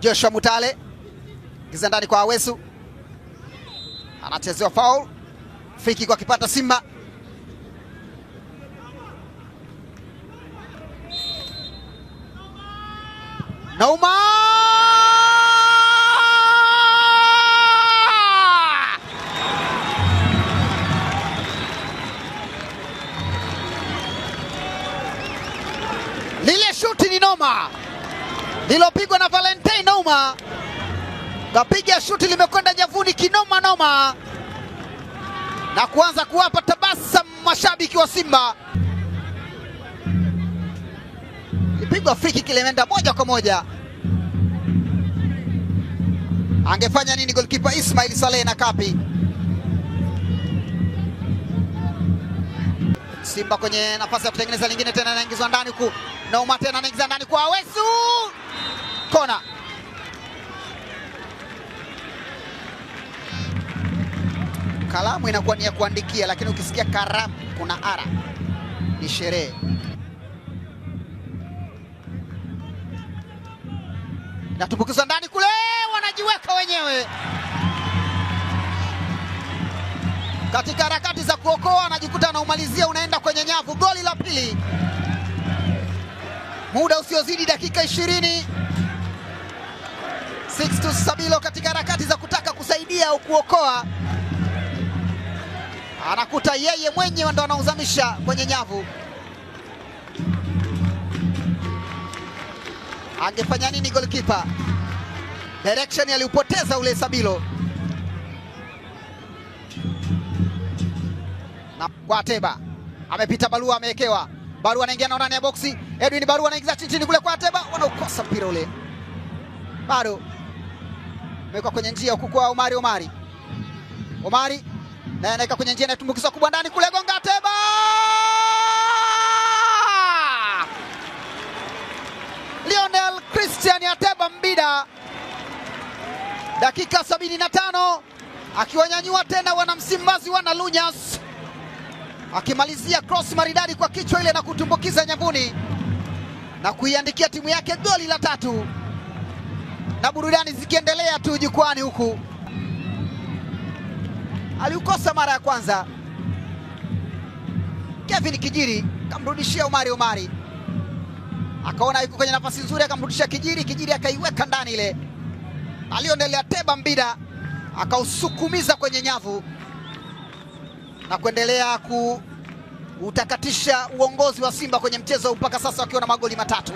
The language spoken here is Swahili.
Joshua Mutale giza ndani kwa Awesu, anachezewa foul, fiki kwa kipata Simba Nauma lile shuti ni noma lilopigwa na Valentine Noma, kapiga shuti limekwenda nyavuni kinoma noma na kuanza kuwapa tabasa mashabiki wa Simba. Lipigwa friki imeenda moja kwa moja. Angefanya nini goalkeeper Ismail Saleh na Kapi? Simba kwenye nafasi ya kutengeneza lingine tena, anaingizwa ndani huku Nouma, tena anaingiza ndani kwa Awesu kona. Kalamu inakuwa ni ya kuandikia, lakini ukisikia karamu kuna ara, ni sherehe. Natumbukiza ndani kule, wanajiweka wenyewe katika harakati za kuokoa, anajikuta anaumalizia, unaenda kwenye nyavu. Goli la pili, muda usiozidi dakika ishirini. Sixtus Sabilo katika harakati za kutaka kusaidia au kuokoa, anakuta yeye mwenyewe ndo anauzamisha kwenye nyavu. Angefanya nini goalkeeper? Direction aliupoteza ule Sabilo na kwa Ateba amepita Barua, amewekewa Barua, anaingia na ndani ya boksi. Edwin Barua anaingiza chini chini kule kwa Ateba, wanaukosa mpira ule bado Ameweka kwenye njia huku kwa Omari Omari. Omari naye anaweka kwenye njia inatumbukiza kubwa ndani kule gonga teba. Lionel Christian Ateba Mbida dakika tano akiwanyanyua tena wanamsimbazi wana Lunyas, akimalizia cross maridadi kwa kichwa ile na kutumbukiza nyavuni na kuiandikia timu yake goli la tatu na burudani zikiendelea tu jukwani huku. Aliukosa mara ya kwanza Kevin Kijiri, kamrudishia Omari Omari, akaona yuko kwenye nafasi nzuri, akamrudishia Kijiri. Kijiri akaiweka ndani ile, aliondelea Teba Mbida akausukumiza kwenye nyavu na kuendelea kuutakatisha uongozi wa Simba kwenye mchezo mpaka sasa wakiwa na magoli matatu.